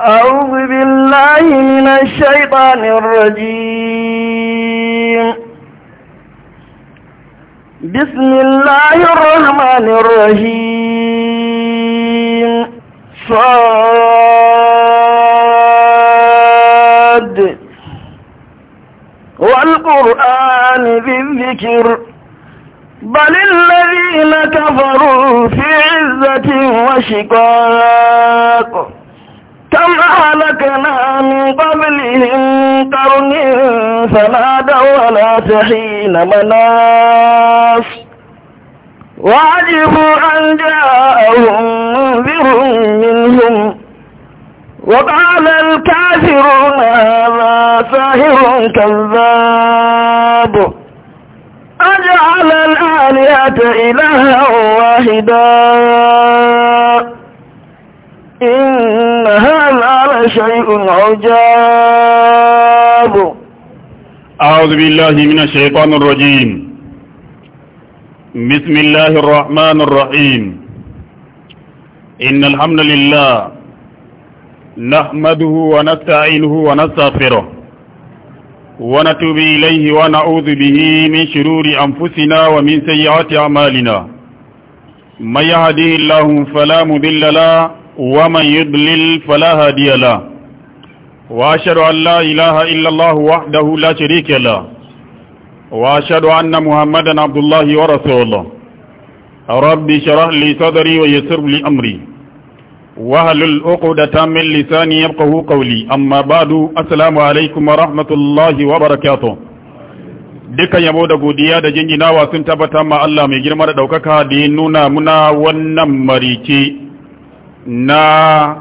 أعوذ بالله من الشيطان الرجيم بسم الله الرحمن الرحيم صاد والقرآن ذي الذكر بل الذين كفروا في عزة وشقاق كم أهلكنا من قبلهم قرن فنادوا ولا تحين مناص وعجبوا أن جاءهم منذر منهم وقال الكافرون هذا ساهر كذاب أجعل الآلهة إلها واحدا إن هذا شيء عجاب أعوذ بالله من الشيطان الرجيم بسم الله الرحمن الرحيم إن الحمد لله نحمده ونستعينه ونستغفره ونتوب إليه ونعوذ به من شرور أنفسنا ومن سيئات أعمالنا من يهده الله فلا مضل له ومن يضلل فلا هادي له وأشهد أن لا إله إلا الله وحده لا شريك له وأشهد أن محمدا عبد الله ورسوله ربي شرح لي صدري ويسر لي أمري وهل الأقدة من لساني يبقه قولي أما بعد السلام عليكم ورحمة الله وبركاته dukan yabo da godiya da jinjinawa sun tabbata ma Allah mai girma da ɗaukaka da ya nuna muna wannan marice na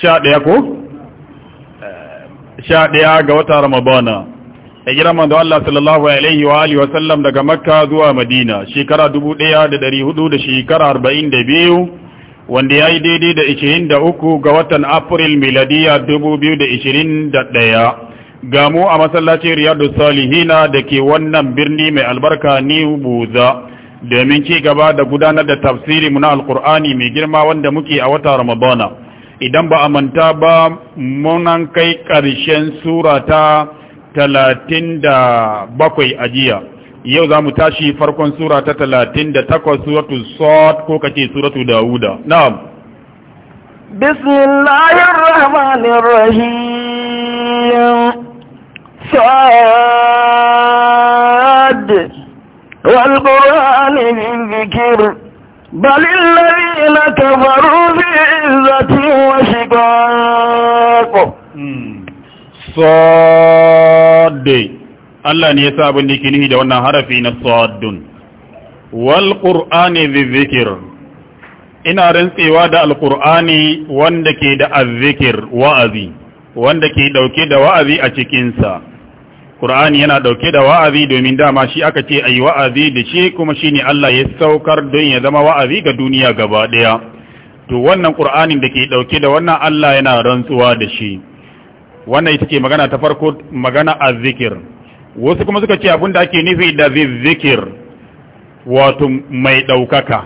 sha ɗaya ko? sha ɗaya ga wata ramadana a gira manzo Allah sallallahu alaihi wa alihi wasallam daga makka zuwa madina shekara dubu ɗaya da dari hudu da shekara arba'in da biyu wanda ya yi daidai da ishirin da uku ga watan april miladiya dubu biyu da ishirin da ɗaya gamu a masallacin riyadu salihina da ke wannan birni mai albarka ni buza domin ci gaba da gudanar da tafsiri mu na alkur'ani mai girma wanda muke a wata ramadana idan ba a manta ba munan kai ƙarshen sura ta talatin da bakwai a jiya yau za mu tashi farkon sura ta talatin da takwas suratu sot ko kace suratu dawuda na'am bismillahir rahmanir rahim sad wal عليه الذكر بل الذين كفروا بعزة وشقاق صاد الله ne yasa abin da yake nihi da wannan harafi na saddun wal qur'ani dhikr ina rantsewa da alqur'ani wanda ke da azzikir wa'azi wanda ke ɗauke da wa'azi a cikinsa. Ƙur'ani yana ɗauke da wa'azi domin dama shi aka ce ayi wa'azi da shi kuma shi ne Allah ya saukar don ya zama wa'azi ga duniya gaba daya to wannan kur'ani da ke dauke da wannan Allah yana rantsuwa da shi wannan ita ce magana ta farko magana azzikir wasu kuma suka ce abinda ake nufi da zikir wato mai ɗaukaka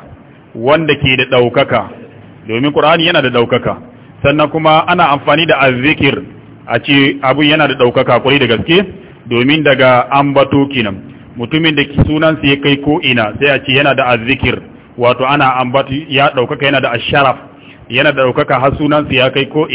wanda ke da daukaka domin Qur'ani yana da daukaka sannan kuma ana amfani da azzikir a ce abun yana da daukaka kwarai da gaske domin daga ambato kinan mutumin da sunansa ya kai ko sai a ce yana da azzikir wato ana ambato ya daukaka yana da asharaf yana da daukaka har sunansa ya kai ko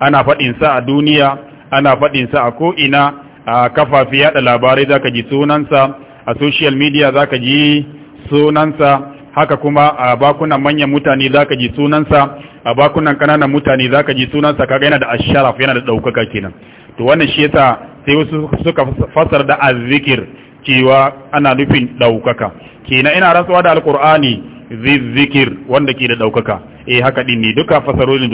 ana fadin a duniya ana fadin a ko'ina a kafafi yada labarai zaka ji sunansa a social media zaka ji sunansa haka kuma a bakunan manyan mutane zaka ji sunansa a bakunan ƙananan mutane zaka ji sunansa kaga yana da asharaf yana da daukaka kenan to wannan shi yasa sai wasu suka fasar da azzikir cewa ana nufin ɗaukaka kina ina rantsuwa da alkur'ani zikir wanda ke da ɗaukaka eh haka din ne duka fasarorin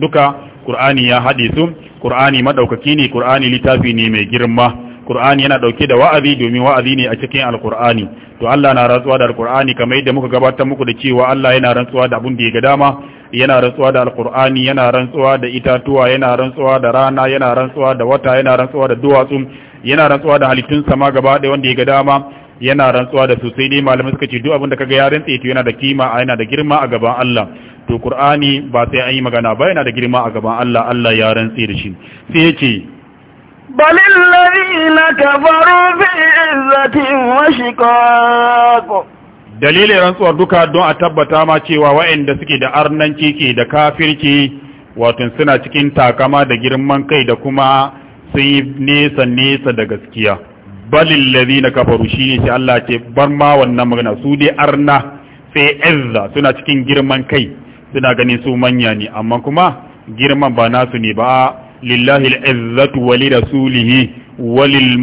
duka qur'ani ya haɗe su qur'ani madaukaki ne qur'ani littafi ne mai girma qur'ani yana ɗauke da wa'azi domin wa'azi ne a cikin alkur'ani to Allah na rantsuwa da alkur'ani kamar yadda muka gabatar muku da cewa Allah yana rantsuwa da abun da ya ga dama yana rantsuwa da alkur'ani yana rantsuwa da itatuwa yana rantsuwa da rana yana rantsuwa da wata yana rantsuwa da duwatsu yana rantsuwa da halittun sama gaba ɗaya wanda ya ga dama yana rantsuwa da su sai dai malamai suka ce duk abin da kaga ya rantse to yana da kima a yana da girma a gaban Allah to Qur'ani ba sai an yi magana ba yana da girma a gaban Allah Allah ya rantse da shi sai yace بل الذين كفروا في عزة وشقاق dalilin rantsuwar duka don a tabbata ma cewa wa'anda suke da arnanci ke da kafirci wato suna cikin takama da girman kai da kuma sun yi nesa nesa da gaskiya balil ladina kafaru shine shi Allah ce bar ma wannan magana su dai arna sai izza suna cikin girman kai suna ganin su manya ne amma kuma girman ba nasu ne ba lillahi al-izzatu wa li rasulihi wa lil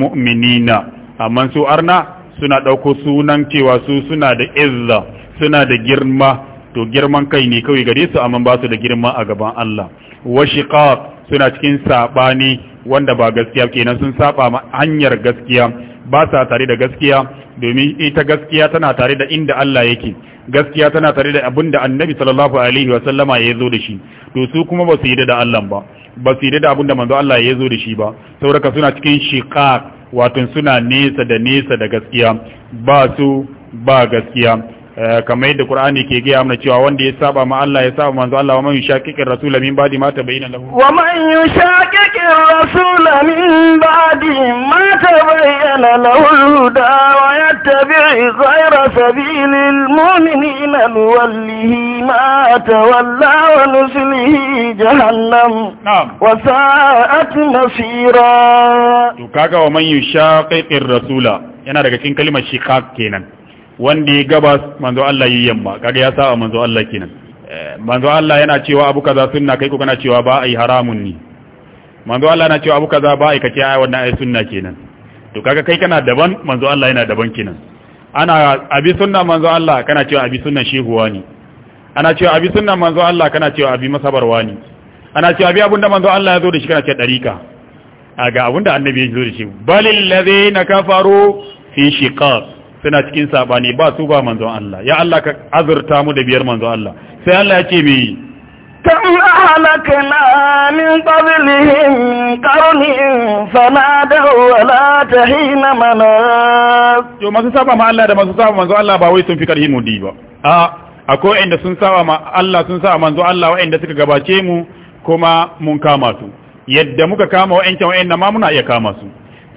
amma su arna suna ɗauko sunan cewa su suna da izza suna da girma to girman kai ne kawai gare su amma ba su da girma a gaban Allah wa shiqaq suna cikin saɓani wanda ba gaskiya kenan sun saɓa ma hanyar gaskiya ba sa tare da gaskiya domin ita gaskiya tana tare da inda Allah yake gaskiya tana tare da abin da annabi sallallahu alaihi wa sallama ya zo da shi to su kuma ba su yi da Allah ba ba su yi da abin da manzo Allah ya zo da shi ba sauraka suna cikin shiqaq wato suna nesa da nesa da gaskiya ba su ba gaskiya Eh, kamar yadda Qur'ani ke gaya mana cewa wanda ya saba ma Allah ya saba manzo Allah wa man yushaqiqir rasul min ba'di ma tabayyana lahu wa man yushaqiqir rasul min ba'di ma tabayyana lahu al-huda wa yattabi' ghayra sabilil mu'minina nuwallihi ma tawalla wa nuslihi jahannam wa sa'at masira to kaga wa man yushaqiqir rasula yana daga cikin kalmar shiqaq kenan wanda ya gabas manzo Allah yi yamma kaga ya sa manzo Allah kenan eh, manzo Allah yana cewa abu kaza sunna kai ko kana cewa ba ai haramun ni manzo Allah yana cewa abu kaza ba ai kace ai wannan ai sunna kenan to kaga kai kana daban manzo Allah yana daban kenan ana abi sunna manzo Allah kana cewa abi sunna Shehu wani, ana cewa abi sunna manzo Allah kana cewa abi masabarwa ni, ana cewa abi abunda manzo Allah ya zo da shi kana cewa dariqa aga abunda annabi ya zo da shi balil ladhina kafaru fi shiqaq suna cikin sabani ba su ba manzon Allah ya Allah ka azurta mu da biyar manzon Allah sai Allah ya ce me kam ahlakna min qablihim qarnin fanadaw wa la tahina manas to masu saba ma Allah da masu saba manzon Allah ba wai sun fi karhi mu di ba a akwai inda sun saba ma Allah sun saba manzon Allah inda suka gabace mu kuma mun kama su yadda muka kama wa'ancan wa'annan ma muna iya kama su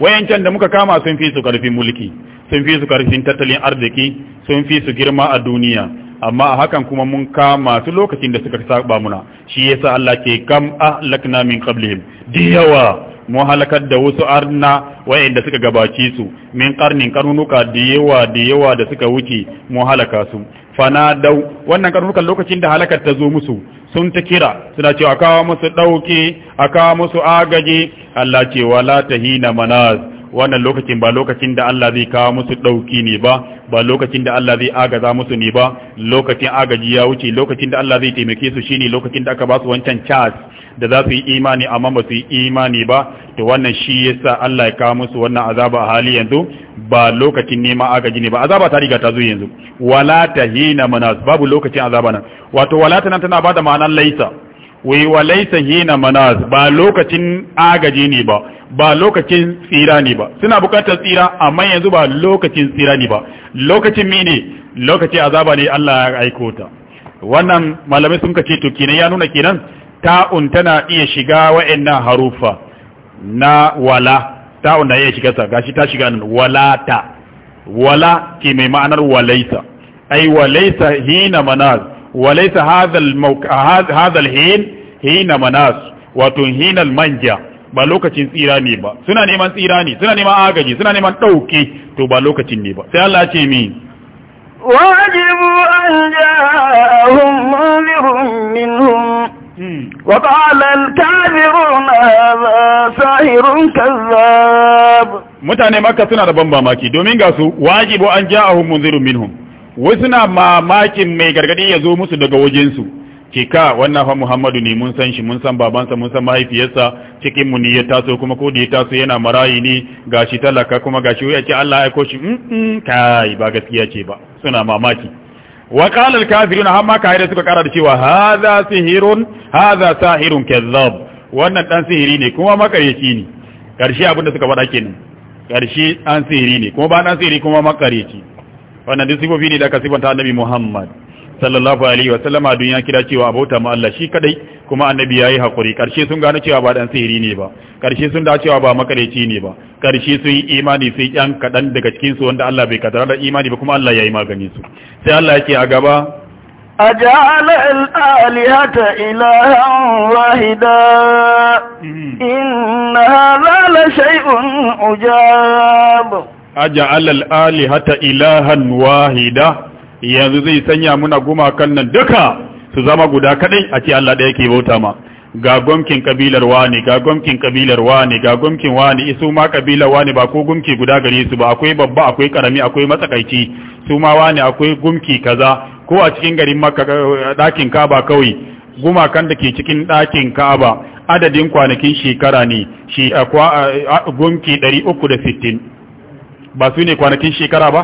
wa'ancan da muka kama sun fi su karfin mulki sun fi su karfin tattalin arziki sun fi su girma a duniya amma a hakan kuma mun kama su lokacin da suka saba muna shi yasa Allah ke kam ahlakna min qablihim diyawa mu halakar da wasu arna wayanda suka gabaci su min karnin karnuka da yawa da suka wuce mu halaka su fana dau wannan karnukan lokacin da halakar ta zo musu sun ta kira suna cewa kawo musu dauke a kawo musu agaji Allah ce wala tahina manaz wannan lokacin ba lokacin da Allah zai kawo musu ɗauki ne ba ba lokacin da Allah zai agaza musu ne ba lokacin agaji ya wuce lokacin da Allah zai taimake su shine lokacin da aka ba su wancan chance da za su yi imani amma ba su yi imani ba to wannan shi yasa Allah ya kawo musu wannan azaba a hali yanzu ba lokacin nema agaji ne ba azaba ta riga ta zo yanzu wala tahina manas babu lokacin azaba nan wato wala tana tana bada ma'anar laisa wai walaita hina manas ba lokacin agaji ne ba ba lokacin tsira ne ba suna bukatar tsira amma yanzu ba lokacin tsira ne ba lokacin mene lokaci azaba ne Allah ya aiko ta wannan malamai sun kace to kenan ya nuna kenan ta'un tana iya shiga wa'annan harufa na wala ta'un na iya shiga sa gashi ta shiga nan ta. wala ke mai ma'anar walaisa. ai walaisa hina manas walaita hadha al-mawqa hadha al hina manas wato hinal manja ba lokacin tsira ne ba suna neman tsira ne suna neman agaji suna neman dauke to ba lokacin ne ba sai Allah ya ce mi wajibu an ja'ahum munirun minhum وقال الكافرون هذا ساحر كذاب mutane makka suna da ban mamaki domin ga su wajibu an ja'ahum munzirun minhum wasu suna mamakin mai gargadi ya zo musu daga wajensu Cika, wannan fa Muhammadu ne mun san shi mun san babansa mun san mahaifiyarsa cikin mu ne ya taso kuma ko da ya taso yana marayi ne gashi talaka kuma gashi ya ce Allah ya koshi mm kai ba gaskiya ce ba suna mamaki wa qala al-kafirun amma kai da suka kara da cewa hadha sihirun hadha sahirun kazzab wannan dan sihiri ne kuma makareci ne karshe abin da suka faɗa kenan karshe an sihiri ne kuma ba dan sihiri kuma makareci wannan duk sifofi ne da ka sifanta annabi Muhammad sallallahu alaihi wa sallama dun ya kira cewa abota mu Allah shi kadai kuma annabi yayi hakuri karshe sun gano cewa ba dan sihiri ne ba karshe sun da cewa ba makareci ne ba karshe sun yi imani sai yan kadan daga cikin su wanda Allah bai kadara da imani ba kuma Allah yayi magani su sai Allah yake a gaba أجعل الآلهة إلها واحدا إن هذا لشيء عجاب أجعل الآلهة إلها واحدا yanzu zai sanya muna gumakan nan duka su zama guda kadai a ce Allah ɗaya ke bauta ma ga gwamkin kabilar wani ga gwamkin kabilar wani ga gwamkin wani isu ma kabilar wani ba ko gumki guda gare su ba akwai babba akwai karami akwai matsakaici su ma wani akwai gumki kaza ko a cikin garin makka eh, ɗakin kaba kawai gumakan da ke cikin ɗakin kaba adadin kwanakin shekara ne shi eh, eh, gumki 360 ba su ne kwanakin shekara ba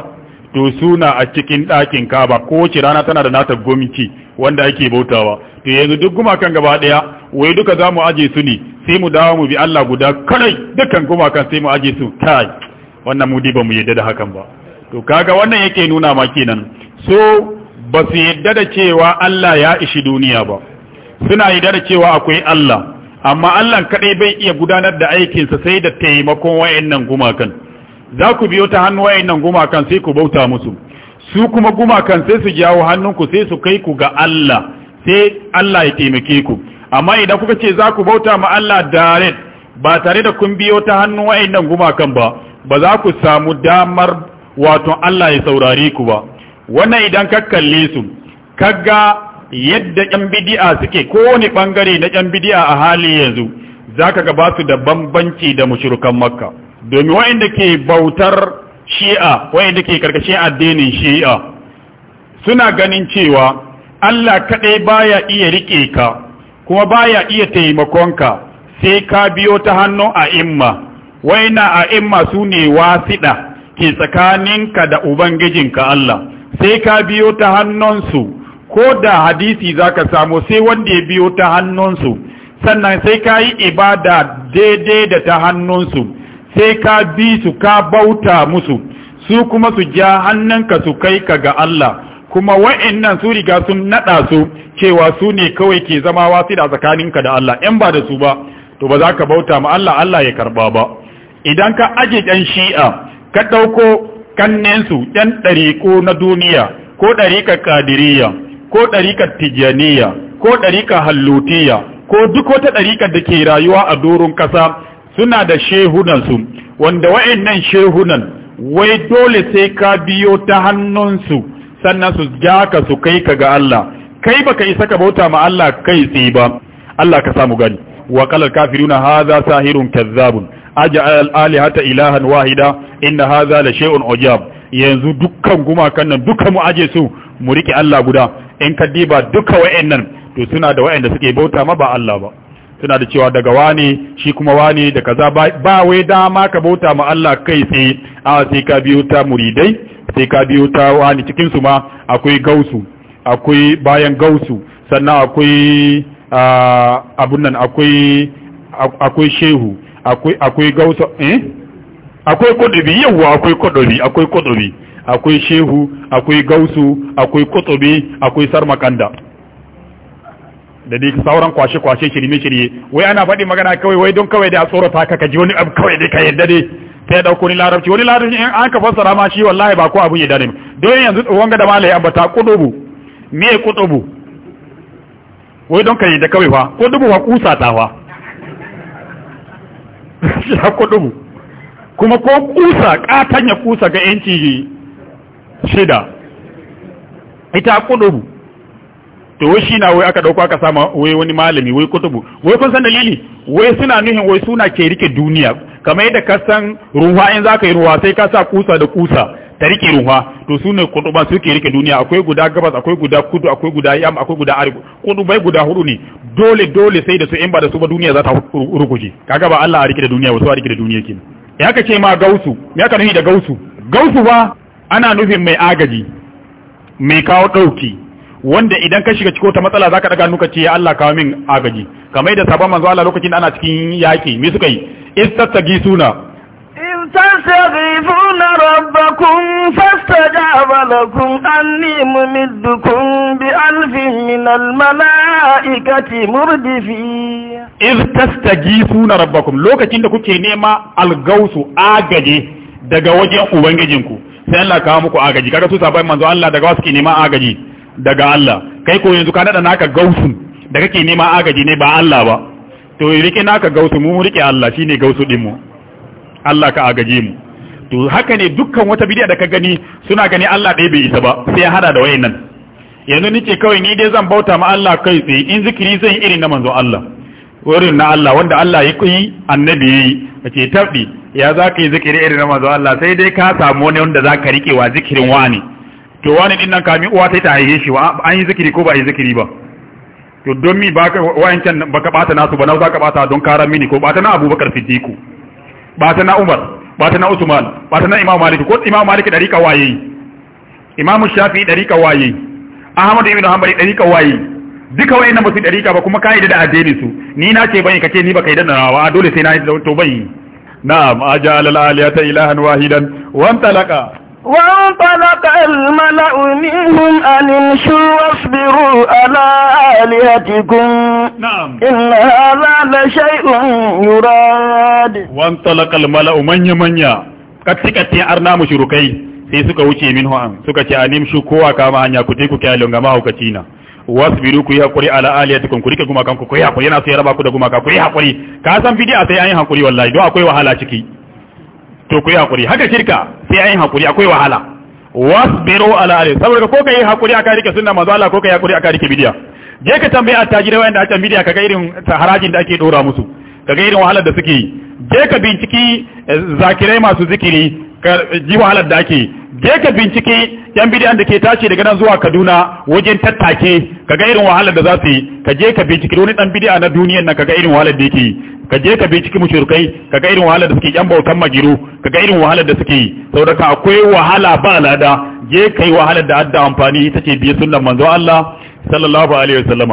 to suna a cikin ɗakin kaba ko kowace rana tana da nata gomici wanda ake bautawa to yanzu duk gumakan gaba ɗaya wai duka za mu aje su ne sai mu dawo mu bi Allah guda kadai dukkan gumakan sai mu aje su kai wannan mu ba mu yadda da hakan ba to kaga wannan yake nuna ma kenan so ba su yadda da cewa Allah ya ishi duniya ba suna yadda da cewa akwai Allah amma Allah kadai bai iya gudanar da aikinsa sai da taimakon wayannan gumakan za ku biyo ta hannu wayannan gumakan sai ku bauta musu su kuma gumakan sai su jawo hannunku sai su kai ku ga Allah sai Allah ya taimake ku amma idan kuka ce za ku bauta ma Allah direct ba tare da kun biyo ta hannu wayannan gumakan ba ba za ku samu damar wato Allah ya saurare ku ba wannan idan ka kalle su kaga yadda yan bid'a suke kowane bangare na yan bid'a a hali yanzu zaka ga ba su da bambanci da mushrikan makka domin wa'inda ke bautar shi'a wa'inda ke karkashin addinin shi'a suna ganin cewa Allah kaɗai baya iya rike ka kuma baya iya taimakon ka sai ka biyo ta hannun a'imma waina a'imma su ne wasiɗa ke tsakaninka da ubangijinka Allah sai ka biyo ta hannunsu ko da hadisi za ka samu sai wanda ya biyo ta hannunsu sannan sai ka ibada daidai da ta hannunsu sai ka bi su ka bauta musu su kuma su ja ka su kai ka ga Allah kuma wa'annan su riga sun nada su cewa su ne kawai ke zama wasi da tsakaninka da Allah in ba da su ba to ba za ka bauta ma Allah Allah ya karba ba idan ka aje ɗan shi'a ka ɗauko kannensu ɗan ko na duniya ko ɗariƙar kadiriya ko ɗariƙar tijjaniya ko ɗariƙar hallutiya ko duk wata ɗariƙar da ke rayuwa a doron ƙasa suna da shehunansu wanda wa'annan shehunan wai dole sai ka biyo ta hannunsu sannan su ja ka su kai ka ga Allah kai baka isa ka bauta ma Allah kai tsi ba Allah ka samu gani wa qalal kafiruna hadha sahirun kazzabun aj'al alihata ilahan wahida inna hadha la shay'un ujab yanzu dukkan gumakan nan dukkan mu aje su mu rike Allah guda in ka diba duka wa'annan to suna da wa'anda suke bauta ma ba Allah ba suna da cewa daga wani shi kuma wani da kaza ba wai dama ka bauta ma Allah kai tsaye a sai ka biyo ta muridai sai ka biyo ta wani cikin su ma akwai gausu akwai bayan gausu sannan akwai abun nan akwai akwai shehu akwai akwai gausu eh akwai kudubi yawa akwai kudubi akwai kudubi akwai shehu akwai gausu akwai kutubi akwai sarmakanda da dai sauran kwashe-kwashe shirme-shirye wai ana faɗi magana kawai wai don kawai da a tsorata ka kaji wani abu kawai da ka yadda dai ta ya ɗauko ni larabci wani larabci in an ka fassara ma shi wallahi ba ko abun ya dane don yanzu wanga da malai ambata kudubu me kudubu wai don ka yadda kawai fa kudubu fa kusa ta fa ya kudubu kuma ko kusa katanya kusa ga yanci shida ita kudubu to wai shi na wai aka dauko aka sama wai wani malami wai kutubu wai kun san dalili wai suna nuhin wai suna ke rike duniya kamar yadda ka san ruwa in zaka yi ruwa sai ka sa kusa da kusa ta rike ruwa to su ne kutuba su ke rike duniya akwai guda gabas akwai guda kudu akwai guda yam akwai guda arewa kutubai guda hudu ne dole dole sai da su in ba da su ba duniya za ta rukuje kaga ba Allah a rike da duniya wasu a rike da duniya kin ya ka ce ma gausu ya ka nuhi da gausu gausu ba ana nufin mai agaji mai kawo dauki wanda idan ka shiga ciko ta matsala zaka daga nuka ce ya Allah kawo min agaji kamar da sabon manzo Allah lokacin ana cikin yaki me suka yi suna. in istastagisuna rabbakum fastajaba lakum anni mumiddukum bi alfin min al malaikati murdifi istastagisuna rabbakum lokacin da kuke nema algausu agaje daga wajen ubangijinku sai Allah kawo muku agaji kaga su sabon manzo Allah daga wasu ke nema agaji daga Allah kai ko yanzu ka nada naka gausu da kake nema agaji ne ba Allah ba to rike naka gausu mu rike Allah shine gausu din mu Allah ka agaje mu to haka ne dukkan wata bidiya da ka gani suna gani Allah ɗaya bai isa ba sai ya hada da wayannan yanzu ni ce kawai ni dai zan bauta ma Allah kai tsaye in zikiri zan irin na manzo Allah wurin na Allah wanda Allah ya kuyi annabi yayi ce tabbi ya zaka yi zikiri irin na manzo Allah sai dai ka samu wani wanda zaka ka rike wa zikirin wani to wani din nan kamin uwa sai ta haihe shi an yi zikiri ko ba yi zikiri ba to don mi ba wayancan ka bata nasu ba na za ka bata don karan mini ko bata na abubakar siddiku bata na umar bata na usman bata na imam malik ko imam malik dari ka waye. imam shafi dari ka waye ahmad ibn hanbal dari ka waye duka wayannan ba su dari ka ba kuma kai da addini su ni na ce ban kace ni ba yi da nawa dole sai na yi to ban na'am ajal al aliyata ilahan wahidan wa antalaqa وانطلق الملأ منهم أن امشوا واصبروا على آلهتكم نعم إن هذا لشيء يراد وانطلق الملأ من يمنيا katikatin arna mushrikai sai suka wuce minhu an suka ce anim shu kowa kama hanya ku ku kyalon ga wasbiru ku yi hakuri ala aliyatikum ku rike gumakan ku ku yi hakuri yana sai raba ku da gumaka ku yi hakuri ka san bid'a sai an yi hakuri wallahi don akwai wahala ciki to ku yi hakuri haka shirka sai an yi hakuri akwai wahala wasbiru ala alai saboda ko kai hakuri aka rike sunna manzo Allah ko kai hakuri aka rike bidiya je ka tambaye attajirai wanda aka bidiya kaga irin harajin da ake dora musu kaga irin wahalar da suke yi je ka binciki eh, zakirai masu zikiri ka ji wahalar da ake je ka binciki yan bidiyan da ke tashi daga nan zuwa Kaduna wajen tattake kaga irin wahalar da za su yi ka je ka binciki wani dan bidiya na duniyar nan kaga irin wahalar da yake ka je ka bi cikin mushrikai ka ga irin wahala da suke yan bautan magiru ka ga irin wahalar da suke saboda saboda akwai wahala ba lada je kai wahalar da adda amfani ita ce biye sunnan manzo Allah sallallahu alaihi wasallam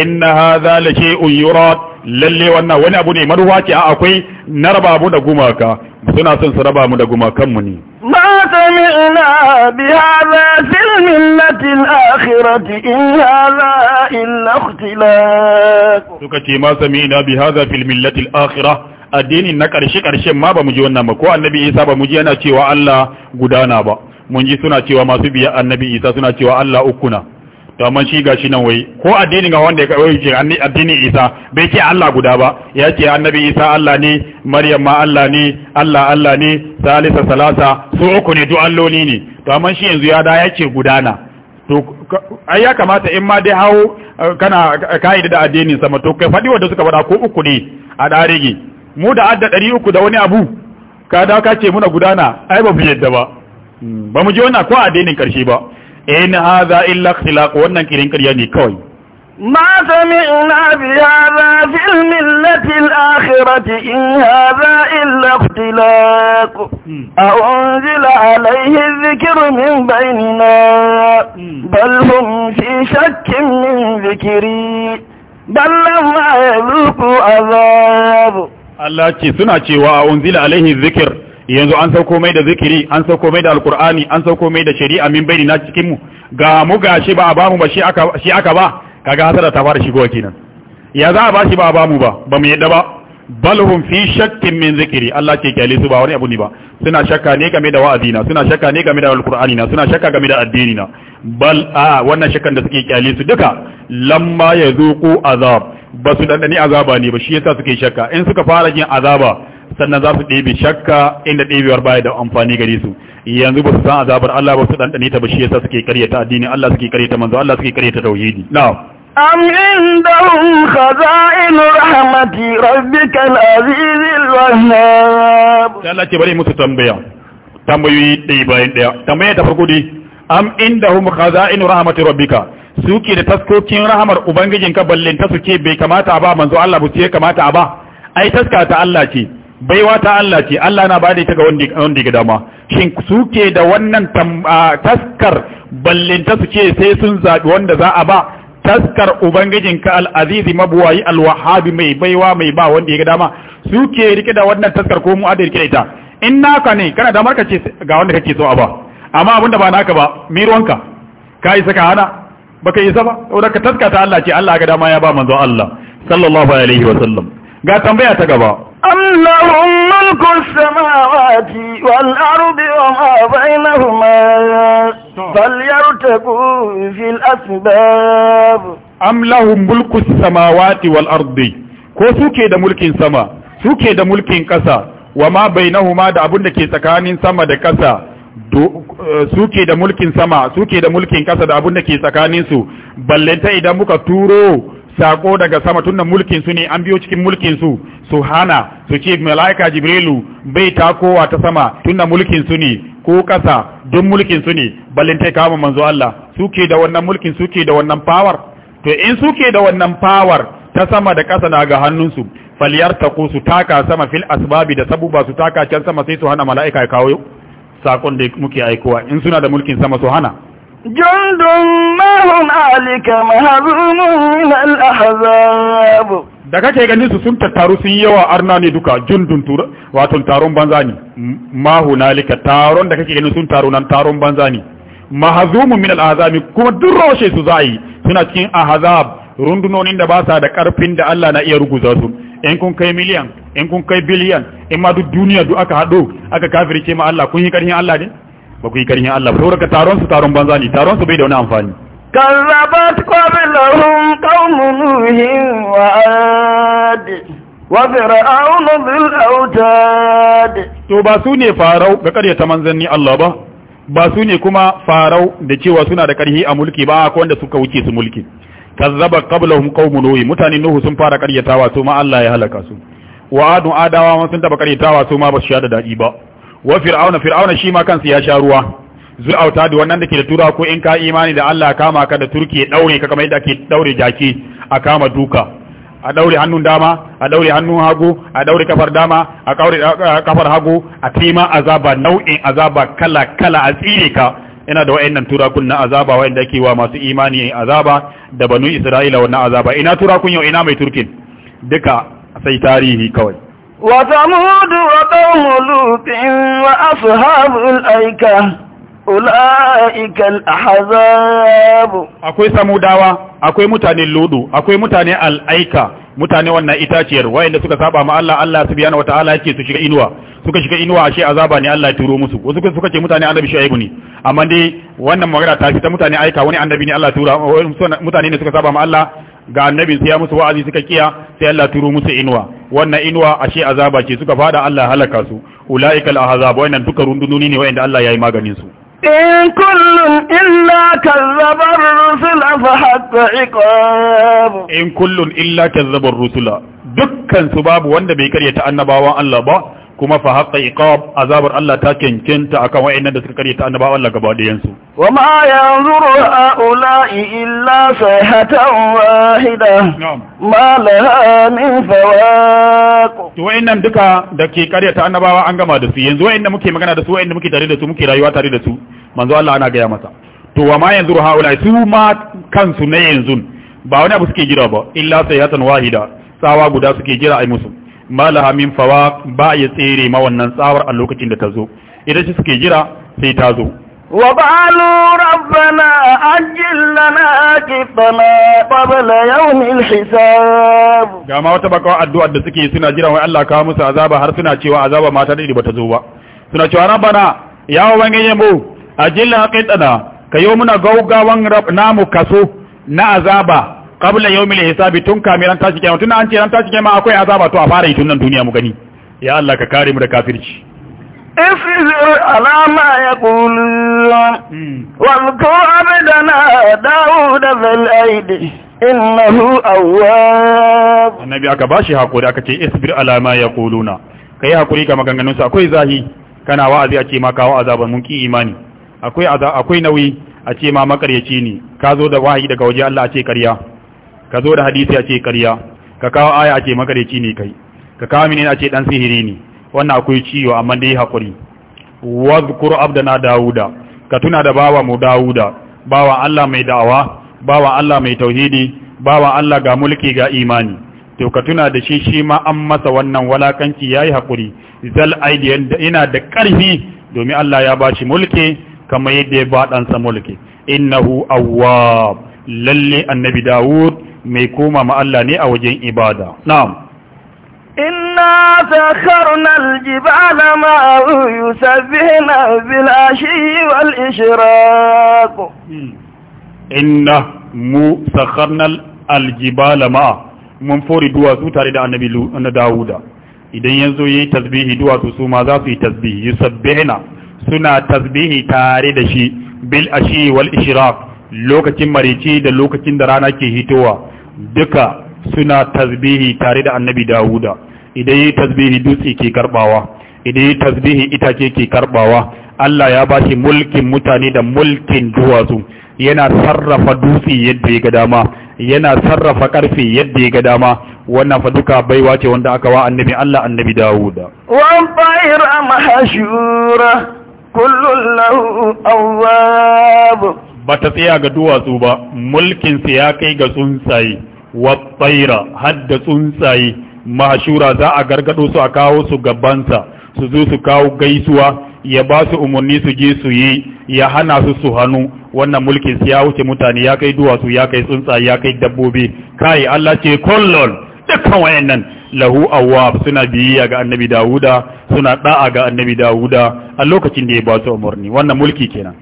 inna hadha la shay'un yurad lalle wannan wani abu ne marwaki a akwai naraba abu da gumaka suna son su raba mu da gumakanmu ne ma sami'na bi hadha fil millati al-akhirati in hadha illa ikhtilaq suka ce ma sami'na bi hadha fil millati al-akhirah addinin na karshe karshen ma ba mu ji wannan ba ko annabi Isa ba mu ji yana cewa Allah gudana ba mun ji suna cewa masu biya annabi Isa suna cewa Allah ukuna to amma shi gashi nan wai ko addini ga wanda ya wai ce addini Isa bai ce Allah guda ba ya ce annabi Isa Allah ne Maryam ma Allah ne Allah Allah ne salisa salasa su uku ne duk loni ne to amma shi yanzu ya da ya ce gudana to ai ya kamata in ma dai hawo eh, kana kaida da addinin sama to kai fadi wanda suka faɗa ko uku ne a darege mu da adda 300 da wani abu ka da ka ce muna gudana ai ba mu yadda ba hmm, ba mu ji wannan ko addinin karshe ba in hadha illa ikhtilaq wannan kirin ƙarya ne kawai ma sami'na bi hadha fil millati al-akhirati in hadha illa ikhtilaq aw unzila alayhi adh-dhikru min baynina bal hum fi shakkin min dhikri bal lamma yazuqu azab Allah ce suna cewa a unzila alayhi adh yanzu an sauko mai da zikiri an sauko mai da alkur'ani an sauko mai da shari'a min bai na cikin mu ga mu ga shi ba a bamu ba shi aka shi aka ba kaga hasara ta fara shigowa kenan ya za a ba shi ba a bamu ba ba mu yadda ba balhum fi shakkin min zikiri Allah ke kyale su ba wani abu ne ba suna shakka ne game da wa'azi na suna shakka ne game da alkur'ani na suna shakka game da addini na bal a wannan shakkan da suke kyale su duka lamma yazuqu azab ba su dandani azaba ne ba shi yasa suke shakka in suka fara jin azaba sannan za su ɗebe shakka inda ɗebewar baya da amfani gare su yanzu ba su san azabar Allah ba su ɗanɗane ta ba shi yasa suke karyata addini Allah suke karyata manzo Allah suke karyata tauhidi na'am أم عندهم خزائن رحمة ربك العزيز الوهاب لا تبري مسو تنبيا تنبيا ديباين ديا تنبيا تفرقودي أم عندهم خزائن رحمة ربك suke da taskokin rahamar ubangijinka ballin ta suke bai kamata ba manzo Allah ba su kamata ba ai taskata Allah ce baiwa ta Allah ce Allah na bada ita ga wanda ya ga dama shin suke da wannan taskar ballinta su ce sai sun zaɓi wanda za a ba taskar ubangijin ubangijinka al'azizi mabuwayi alwahabi mai baiwa mai ba wanda ya ga dama suke rike da wannan taskar ko mu adai rike da ita in naka ne kana da ka ce ga wanda kake so a ba amma abinda ba naka ba miruwanka ka yi saka hana baka yi ba saboda ka taskata Allah ce Allah ga dama ya ba manzo Allah sallallahu alaihi wa sallam ga tambaya ta gaba أم لهم ملك السماوات والأرض وما بينهما فليرتقوا في الأسباب أم لهم ملك السماوات والأرض ko suke da mulkin sama suke da mulkin ƙasa wa ma bainahuma da abun da ke tsakanin sama da ƙasa suke da mulkin sama suke da mulkin ƙasa da abun da ke tsakanin su ballanta idan muka turo sako daga sama da mulkin su ne an biyo cikin mulkin su su hana su ce malaika jibrilu bai takowa ta sama da mulkin su ne ko kasa don mulkin su ne ta kama manzo Allah suke da wannan mulkin suke da wannan power to in suke da wannan power ta sama da kasa na ga hannunsu ko su taka sama fil asbabi da sabuba su taka can sama sai su hana malaika ya kawo sakon da muke aikowa in suna da mulkin sama su hana جند ما هم عليك مهزوم من الأحزاب da kake ganin su sun tattaru sun yawa arna ne duka jundun tura wato taron banza ne mahunalika taron da kake ganin sun taru nan taron banza ne mahazumun min al'azami kuma duk roshe su za'i yi suna cikin ahazab rundunonin da ba sa da karfin da Allah na iya ruguza su in kun kai miliyan in kun kai biliyan in ma duk duniya duk aka haɗo aka kafirce ma Allah kun yi karhin Allah ne ba ku yi karin Allah ba saboda taron su taron banza ne taron su bai da wani amfani كذبت قبلهم قوم نوح وعاد وفرعون بالأوتاد to ba su ne farau ga ƙaryata manzanni Allah ba ba su ne kuma farau da cewa suna da ƙarhi a mulki ba ko wanda suka wuce su mulki kazzaba qablahum qaumun nuh mutanen nuhu sun fara ƙaryatawa su ma Allah ya halaka su wa adu adawa sun taba ƙaryatawa su ma ba su sha da dadi ba wa fir'auna fir'auna shi ma kansa ya sha ruwa zul'auta da wannan dake da tura ko in ka imani da Allah kama ka da turki ya daure ka kamar yadda ake daure jaki a kama duka a daure hannun dama a daure hannun hagu a daure kafar dama a kaure kafar hagu a tima azaba nau'in azaba kala kala a tsire ka ina da wayannan turakun na azaba wayanda ake wa masu imani azaba da banu Isra'ila wannan azaba ina turakun yau ina mai turkin duka sai tarihi kawai وثمود وقوم لوط وأصحاب الأيكة أولئك الأحزاب أكوي سموداوا أكوي متاني اللودو أكوي متاني الأيكة mutane wannan itaciyar wayanda suka saba ma Allah Allah subhanahu wataala yake su shiga inuwa suka shiga inuwa ashe azaba ne Allah ya turo musu wasu suka ce mutane annabi Shu'aibu ne amma dai wannan magana ta fita mutane aika wani annabi ne Allah tura mutane ne suka saba ma Allah ga annabin sai ya musu wa'azi suka kiya sai Allah turo musu inuwa wannan inuwa ashe azaba ce suka fada Allah halaka su ulaikal ahzab wannan duka rundununi ne wayanda Allah yayi maganin su in kullun illa kazzabar ar-rusula fa hatta iqab in kullun illa kazzabar ar-rusula dukkan su babu wanda bai karyata annabawan Allah ba kuma fa hatta iqab azabar Allah ta cancanta akan wa'annan da suka karyata annabawan Allah gaba ɗayan su وما ينظر هؤلاء إلا صيحة واحدة ما لها من فواق to wayannan duka da ke karyata annabawa an gama da su yanzu wayanda muke magana da su wayanda muke da muke rayuwa tare da su manzo Allah ana gaya masa to wa ma yanzu haula su ma kansu na yanzu ba wani abu suke jira ba illa sayatan wahida tsawa guda suke jira ai musu malaha min fawaq ba ya tsere ma wannan tsawar a lokacin da ta zo idan suke jira sai ta zo وقالوا ربنا أجل لنا كفنا قبل يوم الحساب جماعة تبقى الدعاء الدسكي سنة جيرا وإن الله كاموس عذاب هرسنا شوى عذاب ما تدري بتزوبا سنة شوى ربنا يا وانجي يمو أجل لنا كفنا كيومنا غوغا وانرب نامو كسو na azaba qabla yawmil hisabi tun kamiran tashi kiyama tun an ce ran tashi kiyama akwai azaba to a fara yi tun nan duniya mu gani ya Allah ka kare mu da kafirci ìfìsìrì aláàmà ẹkùnlù wọn wọn kó aka ba shi aka ce na ka yi haƙuri ga maganganun akwai zahi kana wa'azi a ce ma kawo a mun ki imani akwai nauyi a ce ma makaryaci ne ka zo da wahayi daga waje Allah a ce karya. ka zo da hadisi a ce karya. ka kawo aya a ce makaryaci ne kai ka kawo mini a ce dan sihiri ne wannan akwai ciwo amma dai hakuri wadhkur abdana dauda ka tuna da bawa mu dauda bawa Allah mai da'awa bawa Allah mai tauhidi bawa Allah ga mulki ga imani to ka tuna da shi shi ma an masa wannan walakanci yayi hakuri zal aidiyan ina da karfi domin Allah ya bashi mulki kamar yadda ya ba ɗansa mulki innahu awwab lalle annabi dawud mai koma ma Allah ne a wajen ibada na'am إنا سخرنا الجبال معه يسبحن بالعشي والإشراق إنا مو سخرنا الجبال معه mun fori duwatsu tare da annabi na Dawuda idan yanzu yayi tasbihi duwatsu su ma za su yi tasbihi yusabbihna suna tasbihi tare da shi bil ashi wal ishraq lokacin marici da lokacin da rana ke hitowa duka suna tasbihi tare da annabi dawuda idan yi tasbihi dutse ke karbawa idan yi tasbihi itace ke karbawa Allah ya ba shi mulkin mutane da mulkin duwatsu yana sarrafa dutse yadda ya ga dama yana sarrafa karfe yadda ya ga dama wannan fa duka baiwa ce wanda aka wa annabi Allah annabi dawuda wan fa'ir mahshura kullun lahu awwab ta tsaya ga duwatsu ba mulkin sa ya kai ga tsuntsaye wattaira hadda tsuntsaye mashura za a gargado su a kawo su gabansa su zo su kawo gaisuwa ya ba su umarni su je su yi ya hana su su hannu wannan mulkin ya wuce mutane ya kai duwatsu ya kai tsuntsaye ya kai dabbobi kai Allah ce kullun dukkan wayannan lahu awwab suna biyayya ga annabi Dawuda suna da'a ga annabi Dawuda a lokacin da ya ba su umarni wannan mulki kenan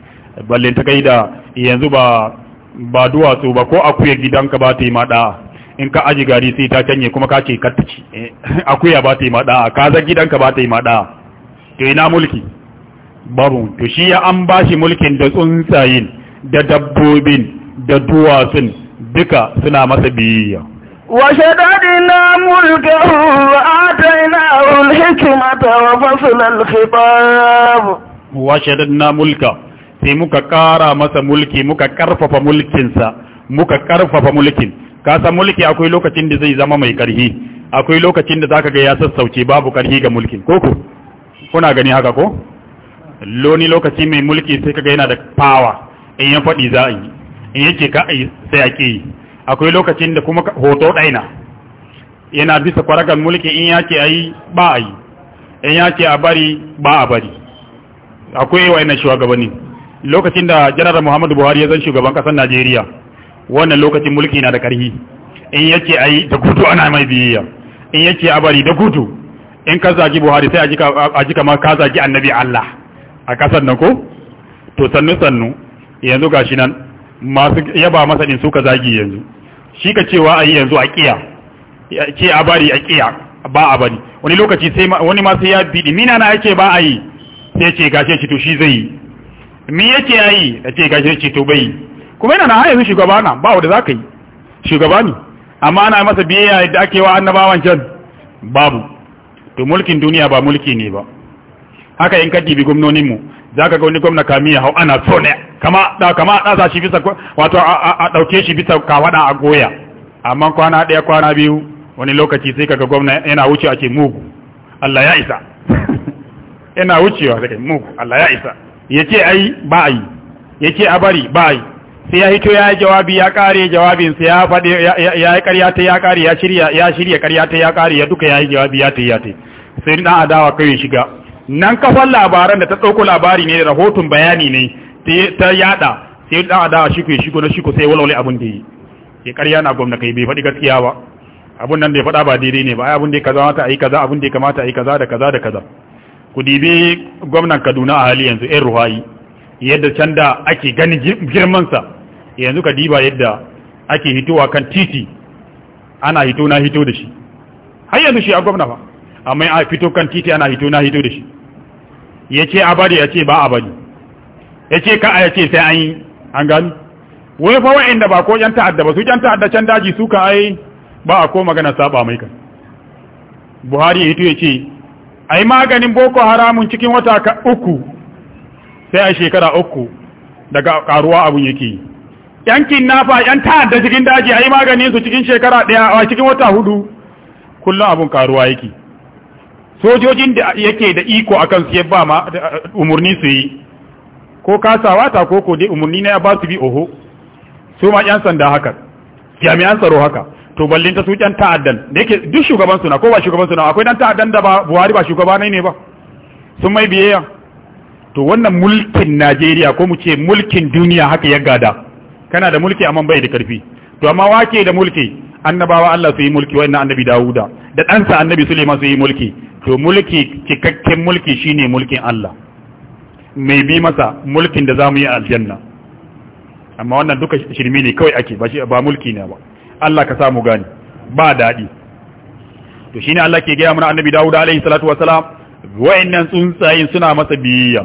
balle ta kai da yanzu ba ba duwatsu ba ko akuya gidanka ba ta yi maɗa in ka aji gari sai ta canye kuma ka ce katta ci eh, akuya ba ta yi maɗa kaza gidanka ba ta yi maɗa to ina mulki babu to shi ya an ba shi mulkin da tsuntsayin da dabbobin da duwatsun duka suna masa biyayya وشددنا ملكه وآتيناه الحكمة وفصل الخطاب وشددنا ملكه sai muka ƙara masa mulki muka ƙarfafa mulkinsa muka ƙarfafa mulkin ka san mulki akwai lokacin da zai zama mai ƙarfi akwai lokacin da zaka ga ya sassauce babu ƙarfi ga mulkin ko ku kuna gani haka ko loni lokaci mai mulki sai kaga yana da power in ya faɗi za a yi in yake ka a yi sai a yi akwai lokacin da kuma hoto ɗaina yana bisa kwaragan mulki in yake a yi ba a yi in yake a bari ba a bari akwai wa shugabanni lokacin da janarar muhammadu buhari ya zan shugaban kasar najeriya wannan lokacin mulki na da karhi in yake yi da gudu ana mai biyayya in yake a bari da gudu in ka zagi buhari sai a ji kamar ka zagi annabi allah a kasar nan ko to sannu sannu yanzu gashi nan masu yaba masa din suka zagi yanzu shi ka cewa a yi yanzu a kiya ce a bari a kiya ba a bari wani lokaci sai wani ma sai ya bidi mina na yake ba a yi sai ce gashe shi to shi zai yi mi yake yayi da ce gashi ce to bai kuma yana na yanzu shugaba na ba wanda zaka yi shugaba ne amma ana masa biyayya da ake wa annabawan can babu to mulkin duniya ba mulki ne ba haka in ka dibi gwamnonin mu zaka ga wani gwamna kamiya hau ana so ne kama da kama da sa shi bisa wato a dauke shi bisa kawada a goya amma kwana daya kwana biyu wani lokaci sai kaga gwamna yana wuce a ce mugu Allah ya isa yana wucewa da mugu Allah ya isa ya ce ai ba a yi ya ce a bari ba a yi sai ya hito ya yi jawabi ya kare jawabinsa ya faɗi ya yi ƙarya ta ya kare ya shirya ya shirya ƙarya ta ya kare ya duka ya yi jawabi ya ta ya ta sai dan adawa kai shiga nan kafan labaran da ta ɗauko labari ne da rahoton bayani ne ta yada sai dan adawa shi ku shigo na shi ku sai walwale abin da yi ya ƙarya na gwamna kai bai faɗi gaskiya ba abun nan da ya faɗa ba daidai ne ba ai abun da ya kaza mata ai kaza abun da ya kamata ai kaza da kaza da kaza ku dibi gwamnan kaduna a hali yanzu yan ruhayi yadda can da ake ganin girmansa yanzu ka diba yadda ake hitowa kan titi ana hito na hito da shi har yanzu shi a gwamna ba amma a fito kan titi ana hito na hito da shi ya ce a bari ya ce ba a bari ya ce ka a ya ce sai an yi an gani wani fa wa'inda ba ko yan ta'adda ba su yan ta'adda can daji su ka ai ba a ko magana saba mai kan buhari ya hito ya ce a yi maganin boko haramun cikin wata uku sai a shekara uku daga karuwa abun yake yankin nafa yan ta'adda cikin daji a yi maganin su cikin shekara daya a cikin wata hudu kullum abun karuwa yake sojojin da yake da iko a kansu ya ba ma umarni su yi ko kasawa ta koko dai umarni na ya ba su bi oho su ma yan sanda haka jami'an tsaro haka to ballin ta su ta'addan da yake duk shugaban suna ko ba shugaban suna akwai dan ta'addan da ba Buhari ba shugabanai ne ba sun mai biyayya to wannan mulkin Najeriya ko mu ce mulkin duniya haka ya gada kana da mulki amma bai da karfi to amma wake da mulki annabawa Allah su yi mulki wa annabi Dawuda da ɗansa annabi Suleiman su yi mulki to mulki cikakken mulki shine mulkin Allah mai bi masa mulkin da zamu yi aljanna amma wannan duka shirmi ne kawai ake ba mulki ne ba Allah ka samu gani ba daɗi to shine Allah ke gaya mana annabi Dawud alaihi salatu wasalam wa'annan tsuntsayen suna masa biyayya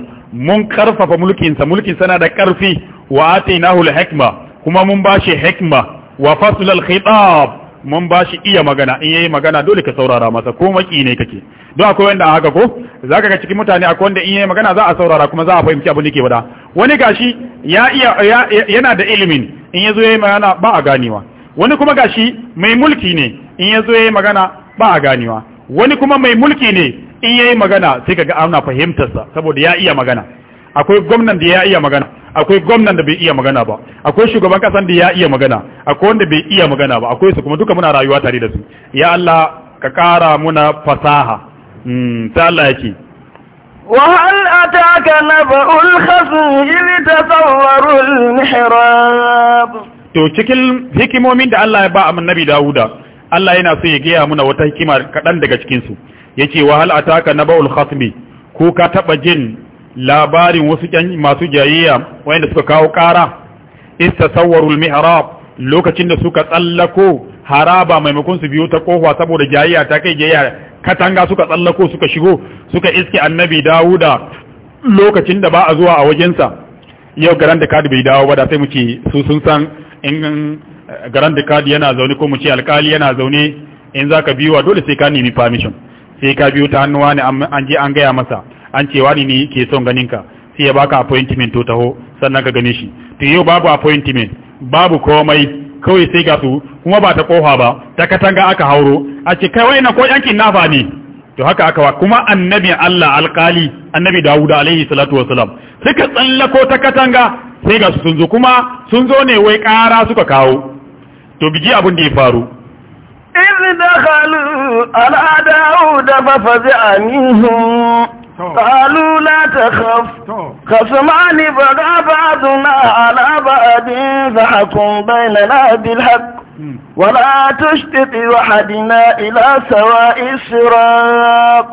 mun karfafa mulkinsa mulkin sana da karfi wa atainahu al-hikma kuma mun bashi hikma wa fasl al-khitab mun ba shi iya magana in yayi magana dole ka saurara masa ko maki ne kake don akwai wanda haka ko zaka ga cikin mutane akwai wanda in yayi magana za a saurara kuma za a fahimci abin da yake faɗa wani gashi ya iya yana da ilimin in yazo yayi magana ba a ganewa wani kuma gashi mai mulki ne in yazo yayi magana ba a ganewa wani kuma mai mulki ne in yayi magana sai kaga ana fahimtar sa saboda ya iya magana akwai gwamnan da ya iya magana akwai gwamnan da bai iya magana ba akwai shugaban kasan da ya iya magana akwai wanda bai iya magana ba akwai su kuma duka muna rayuwa tare da su ya Allah ka kara muna fasaha mmm ta Allah yake وهل أتاك نبأ الخصم إذ تصوروا المحراب to cikin hikimomin da Allah ya ba annabi Dawuda Allah yana so ya gaya muna wata hikima kaɗan daga cikin su yace wa hal na baul khasmi ko ka taɓa jin labarin wasu masu jayayya wanda suka kawo ƙara sawarul mihrab lokacin da suka tsallako haraba maimakon su biyo ta kofa saboda jayayya ta kai jayayya katanga suka tsallako suka shigo suka iske annabi Dawuda lokacin da ba a zuwa a wajensa yau garan da kadi bai dawo ba da sai mu ce su sun san in garan da kadi yana zaune ko mu ce alkali yana zaune in zaka biyo dole sai ka nemi permission sai ka biyo ta hannuwa ne an je an gaya masa an ce wani ne ke son ganin ka sai ya baka appointment to taho sannan ka gane shi to yau babu appointment babu komai kawai sai ga su kuma ba ta kofa ba ta katanga aka hauro a ce kai wai ko yankin nafa ne to haka aka wa kuma annabi Allah alkali annabi Dawud alaihi salatu wasalam suka tsallako ta katanga sai ga sun zo kuma sun zo ne wai kara suka kawo to biji abun da ya faru inda halu al'ada da mafazi a nihun halu la ta haf kasu mani ba gaba zuna al'abadin za a kun bayan labil haku wala hmm. ta shi wa hadina ila sawa isra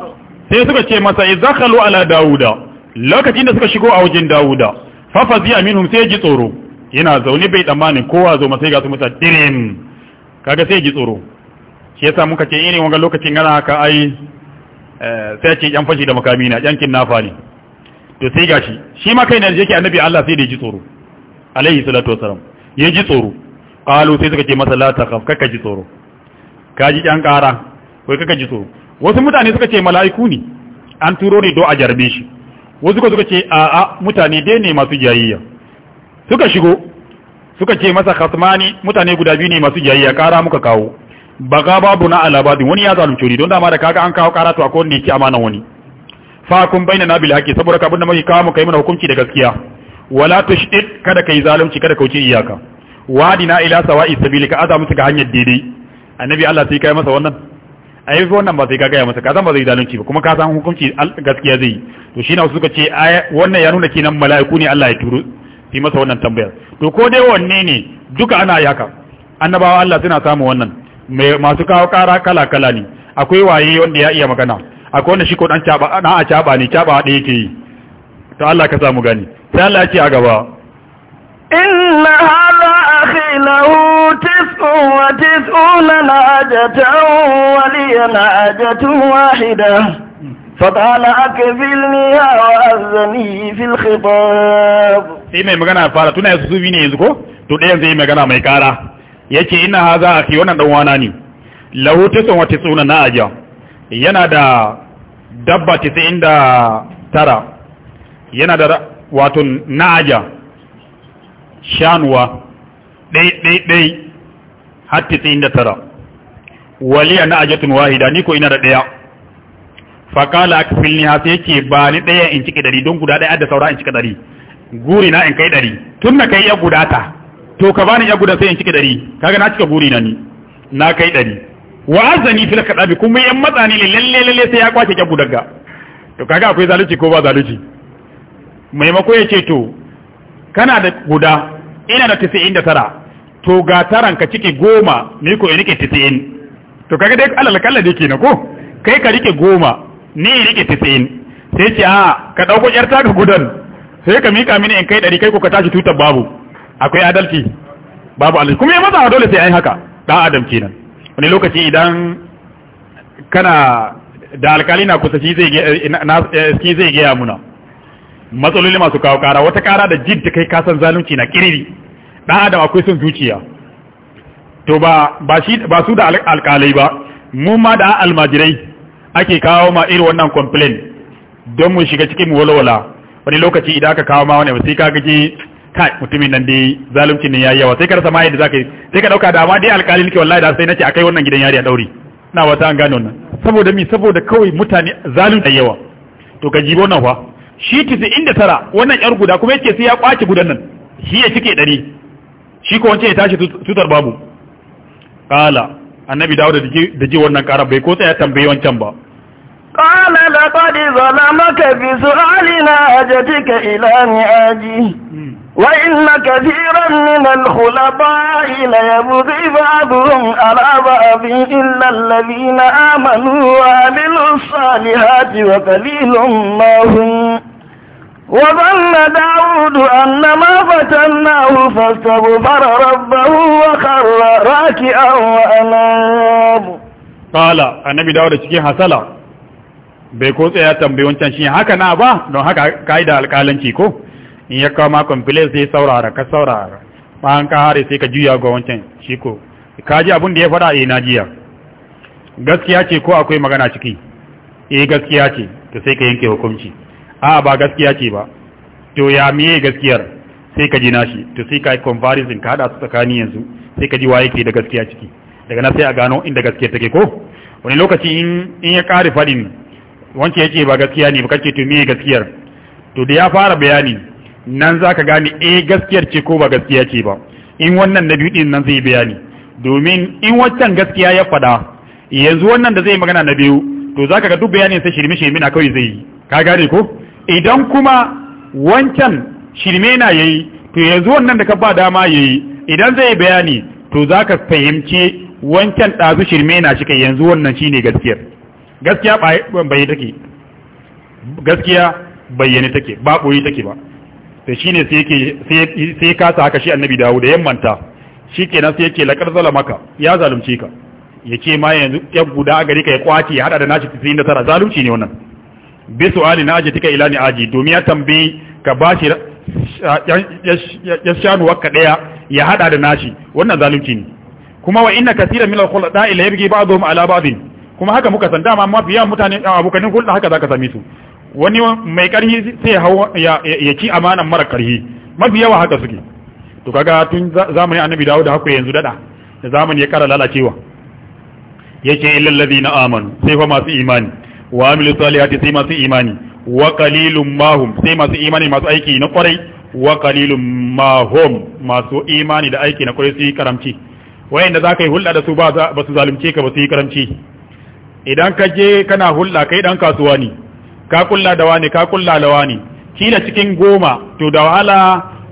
sai suka ce masa izakalu ala dauda. da lokacin da suka shigo a wajen Dawuda fa faziya minhum sai ji tsoro yana zaune bai tsammanin kowa zo masai ga su mutane dirin kaga sai ji tsoro shi yasa muka ce irin wanga lokacin gana haka ai eh, sai ce yan fashi da makami na yankin nafa ne to sai gashi shi ma kai ne yake annabi Allah sai da ji tsoro alaihi salatu wasalam ya ji tsoro qalu sai suka ce masa la takhaf kaka ji tsoro ka ji dan kara kai kaka ji tsoro wasu mutane suka ce mala'iku ne an turo ne do a jarbe shi wasu ko suka ce a mutane dai ne masu jayayya suka shigo suka ce masa khasmani mutane guda biyu ne masu jayayya kara muka kawo baga babu na alabadin wani ya zalunce ni don dama da kaga an kawo kara to akwai wanda yake amana wani fa kun bainana bil haqqi saboda ka abinda muke kawo mu kai mana hukunci da gaskiya wala tushid kada kai zalunci kada kauce iyaka wadina ila sawa'i sabilika aza musu ga hanyar daidai annabi Allah sai kai masa wannan a yi wannan ba sai ka gaya masa ka san ba zai zalunci ba kuma ka san hukunci gaskiya zai to shi na suka ce wannan ya nuna kenan mala'iku ne Allah ya turo fi masa wannan tambayar to ko dai wanne ne duka ana yi haka annabawa Allah suna samu wannan masu kawo kara kala kala ne akwai waye wanda ya iya magana akwai wanda shi ko dan caba na a caba ne caba da yake yi to Allah ka samu gani sai Allah ya ce a gaba إن هذا أخي له تسع وتسعون نعجة ولي نعجة واحدة فقال أكفلني وأذني في الخطاب إيمي مغانا فارة تنا يسوسويني يزكو تنين زي مغانا ميكارا يكي إن هذا أخي وانا دواناني له تسع وتسعون نعجة yana da dabba 99 yana da wato na'aja shanuwa ɗai-ɗai-ɗai har tisin da tara waliya na ajatun wahida ni ko ina da ɗaya fakala aka filni ni sai ce ba ni ɗaya in cike ɗari don guda ɗaya da saura in cika ɗari guri na in kai ɗari tun na kai ya guda ta to ka bani ya guda sai in cike ɗari kaga na cika guri na ni na kai ɗari wa azani fil kadabi kuma yan matsa ni lalle lalle sai ya kwace ya gudaga to kaga akwai zalunci ko ba zalunci maimako ya ce to kana da guda ina da tisi'in da tara to ga taran ka ciki goma ni ko in rike tisa'in to kaga dai alal kalla dai kenan ko kai ka rike goma ni rike tisi'in sai ce a ka dauko yar taka gudan sai ka mika mini in kai dari kai ko ka tashi tutar babu akwai adalci babu allah kuma ya maza dole sai ai haka dan adam kenan wani lokaci idan kana da alkali na kusa shi zai eh, shi zai gaya muna matsaloli masu kawo kara wata kara da jin ta kai kasan zalunci na kiriri dan adam akwai son zuciya to ba ba shi ba su da alƙalai ba mu ma da almajirai ake kawo ma irin wannan complain don mu shiga cikin walwala wani lokaci idan aka kawo ma wani sai ka ji kai mutumin nan dai zalunci ne yayi yawa sai ka rasa ma yadda zaka yi sai ka dauka da ma dai alƙalin ke wallahi da sai nace akai wannan gidan yari a dauri. na wata an gano nan saboda mi saboda kawai mutane zalunci yawa to ka jibo nan fa shi tisi inda tara wannan yar guda kuma yake sai ya kwaci gudan nan shi ya cike dari shi ko wance ya tashi tutar babu kala annabi dawo da ji wannan karar bai ko sai ya tambayi wancan ba kala da kwadi zalamaka fi su'ali na hajjatika ila ni aji hmm. wa inna kadiran min al-khulafa ila yabudu ba'dhum ala ba'dhin illa alladhina amanu wa amilus salihati wa qalilum ma hum وظن داود أنما فتناه فاستغفر ربه وخر راكعا وأناب قال النبي داود cikin hasala bai ko tsaya tambayi wancan shi haka na ba don haka da alƙalanci ko in ya kama complaint sai saurara ka saurara bayan ka sai ka juya ga wancan shi ko ka ji abin da ya faɗa eh na jiya gaskiya ce ko akwai magana ciki eh gaskiya ce to sai ka yanke hukunci a ba gaskiya ce ba to ya miye gaskiyar sai ka ji nashi to sai ka yi comparison ka hada su tsakani yanzu sai ka ji waye ke da gaskiya ciki daga nan sai a gano inda gaskiya take ko wani lokaci in in ya kare fadin wance yake ba gaskiya ne ba kace to miye gaskiyar to da ya fara bayani nan zaka gane eh gaskiyar ce ko ba gaskiya ce ba in wannan na biyu din nan zai bayani domin in wancan gaskiya ya fada yanzu wannan da zai magana na biyu to zaka ga duk bayanin sai shirme shirme na kawai zai yi ka gane ko idan kuma wancan shirme na ya yi, to yanzu wannan da ka ba dama ya yi, idan zai bayani to za ka fahimce wancan ɗazu shirme na shi yanzu wannan ne gaskiyar gaskiya bayyane take gaskiya bayyane take ba boye take ba to shi ne sai ya kasa haka shi annabi dawo da yammanta kenan sai yake zala maka. ya zalunce ka Ya ce ma yanzu ya guda gari ka ya ƙwace ya haɗa da nashi 99 zalunci ne wannan bi su'ali na ajitika ila ni aji domin ya tambayi ka bashi ya shanu wakka daya ya hada da nashi wannan zalunci ne kuma wa inna kaseeran min al-khulata ila yabghi ba'dhum ala ba'd kuma haka muka san dama mafiya mutane abokanin hulɗa haka zaka same su wani mai karhi sai ya ci amanan mara karhi mafi yawa haka suke to kaga tun zamani annabi dawo da haku yanzu dada da zamani ya kara lalacewa yake illal ladina amanu sai fa masu imani wa amilu salihati sai masu imani wa qalilum mahum sai masu imani masu aiki na kwarai wa qalilum mahum masu imani da aiki na kwarai su yi karamci wayanda za ka yi hulɗa da su ba su zalunce ka ba su yi karamci idan ka je kana hulɗa kai dan kasuwa ne ka kulla da wani ka kulla da wani kila cikin goma to da wahala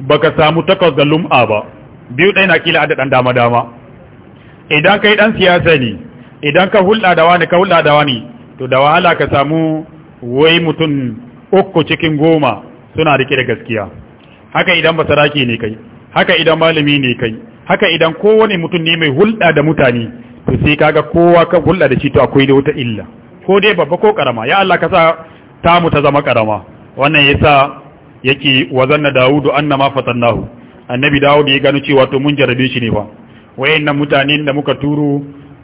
baka samu takwas da lum'a ba biyu ɗaya na kila da dan dama dama idan kai ɗan siyasa ne idan ka hulɗa da wani ka hulɗa da wani to da wahala ka samu wai mutum uku cikin goma suna rike da gaskiya haka idan basaraki ne kai haka idan malami ne kai haka idan kowane mutum ne mai hulɗa da mutane to sai kaga kowa ka hulɗa da shi to akwai da wata illa ko dai babba ko karama ya Allah ka sa tamu ta zama karama wannan yasa yake wazanna Dawudu annama fatannahu annabi Dawudu ya gano cewa to mun jarabe shi ne fa wayannan mutanen da muka turo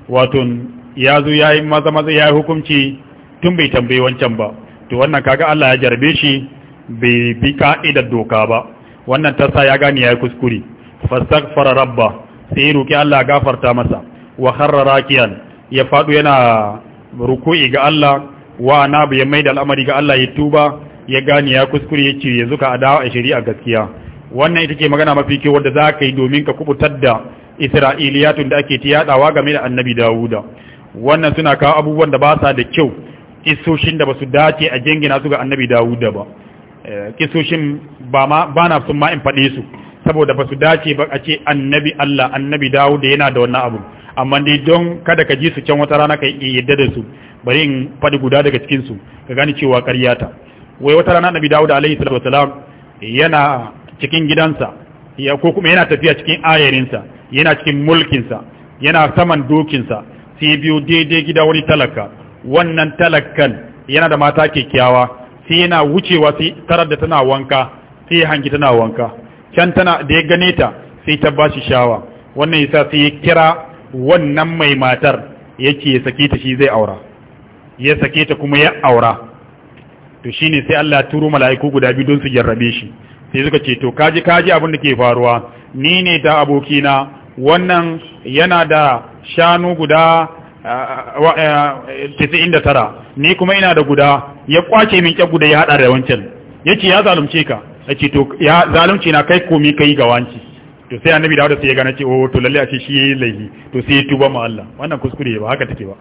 wato ya zo ya yi maza maza ya yi hukunci tun bai tambayi wancan ba to wannan kaga Allah ya jarbe shi bai bi ka'idar doka ba wannan ta sa ya gane ya yi kuskure fastaghfara rabba sai ya roki Allah gafarta masa wa kharra rakiyan ya fadu yana ruku'i ga Allah wa anabu mai da al'amari ga Allah ya tuba ya gane ya kuskure ya ce yanzu ka adawa a shari'a gaskiya wannan ita ce magana mafi kyau wadda za ka yi domin ka kubutar da isra'iliyatun da ake ta yadawa game da annabi dawuda wannan suna kawo abubuwan da ba sa da kyau kisoshin da ba su dace a jingina su ga annabi dawuda ba eh, kisoshin ba ma ba na sun ma in faɗe su saboda ba su dace ba a ce annabi Allah annabi dawuda yana da wannan abu amma dai don kada ka ji su can wata rana ka yadda da su bari in faɗi guda daga cikin su ka gane cewa ƙarya ta wai wata rana annabi dawuda alaihi salatu wasalam yana cikin gidansa ya ko kuma yana tafiya cikin ayarinsa yana cikin mulkinsa yana saman dokinsa sai biyo daidai gida wani talaka wannan talakan yana da mata kyakkyawa sai yana wucewa sai tarar da tana wanka sai hangi tana wanka can tana da ya gane ta sai ta bashi shawa wannan yasa sai ya kira wannan mai matar yake ya sake ta shi zai aura ya sake ta kuma ya aura to shine sai Allah ya turo mala'iku guda biyu don su jarrabe shi sai suka ce to kaji kaji abin da ke faruwa ni ne da abokina wannan yana da shanu guda tara ni kuma ina da guda ya kwace min kyan guda ya hada da wancan yace ya zalunce ka a ce to ya zalunci na kai komi kai ga wanci to sai annabi dawo da sai ya gane ce oh to lalle a ce shi yayi laifi to sai ya tuba ma Allah wannan kuskure ba haka take ba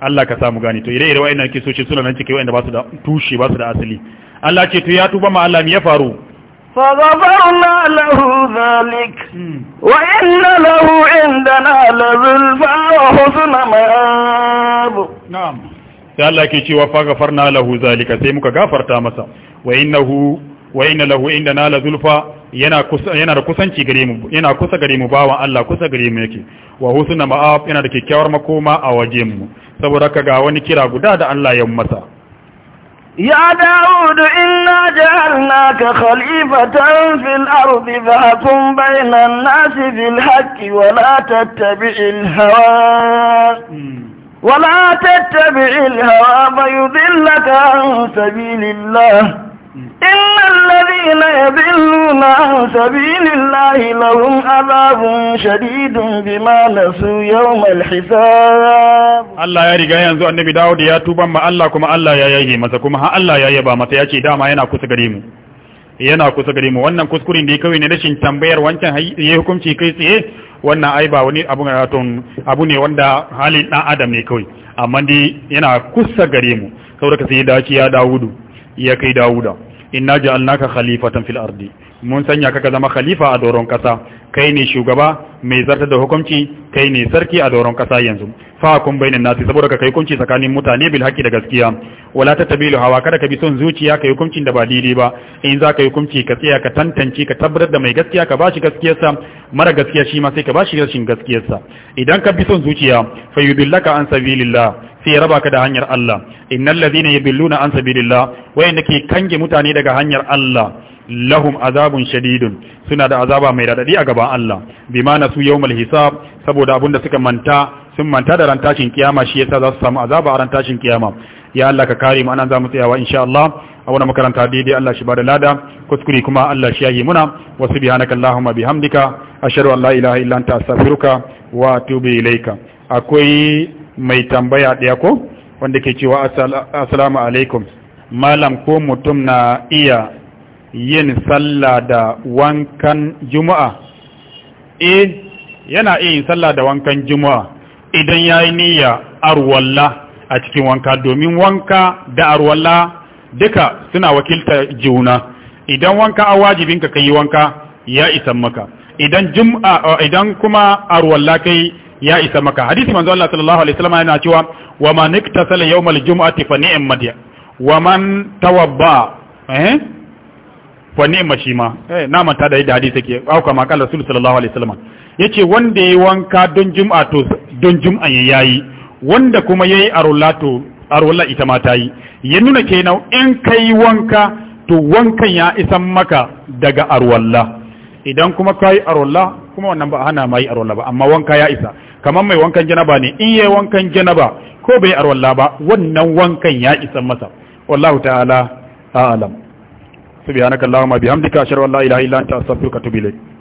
Allah ka samu gani to ire ire wayannan kisoci suna nan cike wa'anda ba su da tushe ba su da asali Allah ce to ya tuba ma Allah me ya faru فغفرنا له ذلك وإن له عندنا لذلفا وحسن مآب نعم sai Allah ke cewa fa gafarna lahu zalika sai muka gafarta masa wa innahu wa yana kusa yana da kusanci gare mu yana kusa gare mu bawan Allah kusa gare mu yake wa husna ma'ab yana da kikkiawar makoma a waje mu saboda ka ga wani kira guda da Allah ya masa يا داود إنا جعلناك خليفة في الأرض فحكم بين الناس بالحق ولا تتبع الهوى ولا تتبع الهوى فيضلك عن سبيل الله إن الذين يذلون عن سبيل الله لهم عذاب شديد بما نسوا يوم الحساب الله يا رجال ينزو النبي داود يا توبا ما الله كما الله يا يجي مسا كما ها الله يا يبا مسا يا dama yana kusa gare mu yana kusa gare mu wannan kuskuren da kawai ne rashin tambayar wancan ya hukunci kai tsaye wannan ai wani abu ne wanda halin dan adam ne kawai amma dai yana kusa gare mu saboda sai ya dace ya Dawudu ya kai Dawuda inna ja'alnaka khalifatan fil ardi mun sanya ka zama khalifa a doron kasa kai ne shugaba mai zartar da hukunci kai ne sarki a doron kasa yanzu fahkum bainan nasi saboda ka kai hukunci tsakanin mutane bil haqqi da gaskiya wala tatabilu hawa kada ka bi son zuciya kai hukuncin da ba daidai ba in za ka yi hukunci ka tsaya ka tantance ka tabbatar da mai gaskiya ka bashi gaskiyarsa mara gaskiya shi ma sai ka bashi rashin gaskiyarsa idan ka bi son zuciya fayudillaka an sabilillah sai ya raba ka da hanyar Allah innal ladhina yadilluna an sabilillah wayanda ke kange mutane daga hanyar Allah lahum azabun shadidun suna da azaba mai radadi a gaban Allah bima nasu yawmal hisab saboda abinda suka manta sun manta da ran tashin kiyama shi yasa za su samu azaba a ran tashin kiyama ya Allah ka kare mu anan zamu tsayawa insha Allah a wannan makaranta daidai Allah shi bada lada kuskure kuma Allah shi yayi muna wa subhanaka allahumma bihamdika ashhadu an la ilaha illa anta astaghfiruka wa atubu ilaika akwai mai tambaya daya ko wanda ke cewa assalamu alaikum malam ko mutum na iya yin sallah da wankan juma'a eh yana iya yin sallah da wankan juma'a idan ya yi niyya arwalla a cikin wanka domin wanka da arwalla duka suna wakilta juna idan wanka a wajibinka ka yi wanka ya isa maka idan jum'a idan kuma arwalla kai ya isa maka hadisi manzo Allah sallallahu alaihi wasallam yana cewa wa man iktasala yawmal jum'ati fa ni'mat wa man tawabba eh fa ni'ma shi ma eh na manta da hadisi ke auka makalla sallallahu alaihi wasallam yace wanda yi wanka don jum'a to don jum'a ya yayi wanda kuma ya yi arwala ita ma ta yi ya nuna kenan in kai wanka to wankan ya isan maka daga arwala. idan kuma ka yi arwala, kuma wannan ba hana ma yi arwala ba amma wanka ya isa kamar mai wankan janaba ne in yi wankan janaba ko bai arwala ba wannan wankan ya isan masa wallahu ta'ala a'lam subhanakallahumma bihamdika ashhadu an la ilaha illa anta astaghfiruka wa atubu ilayk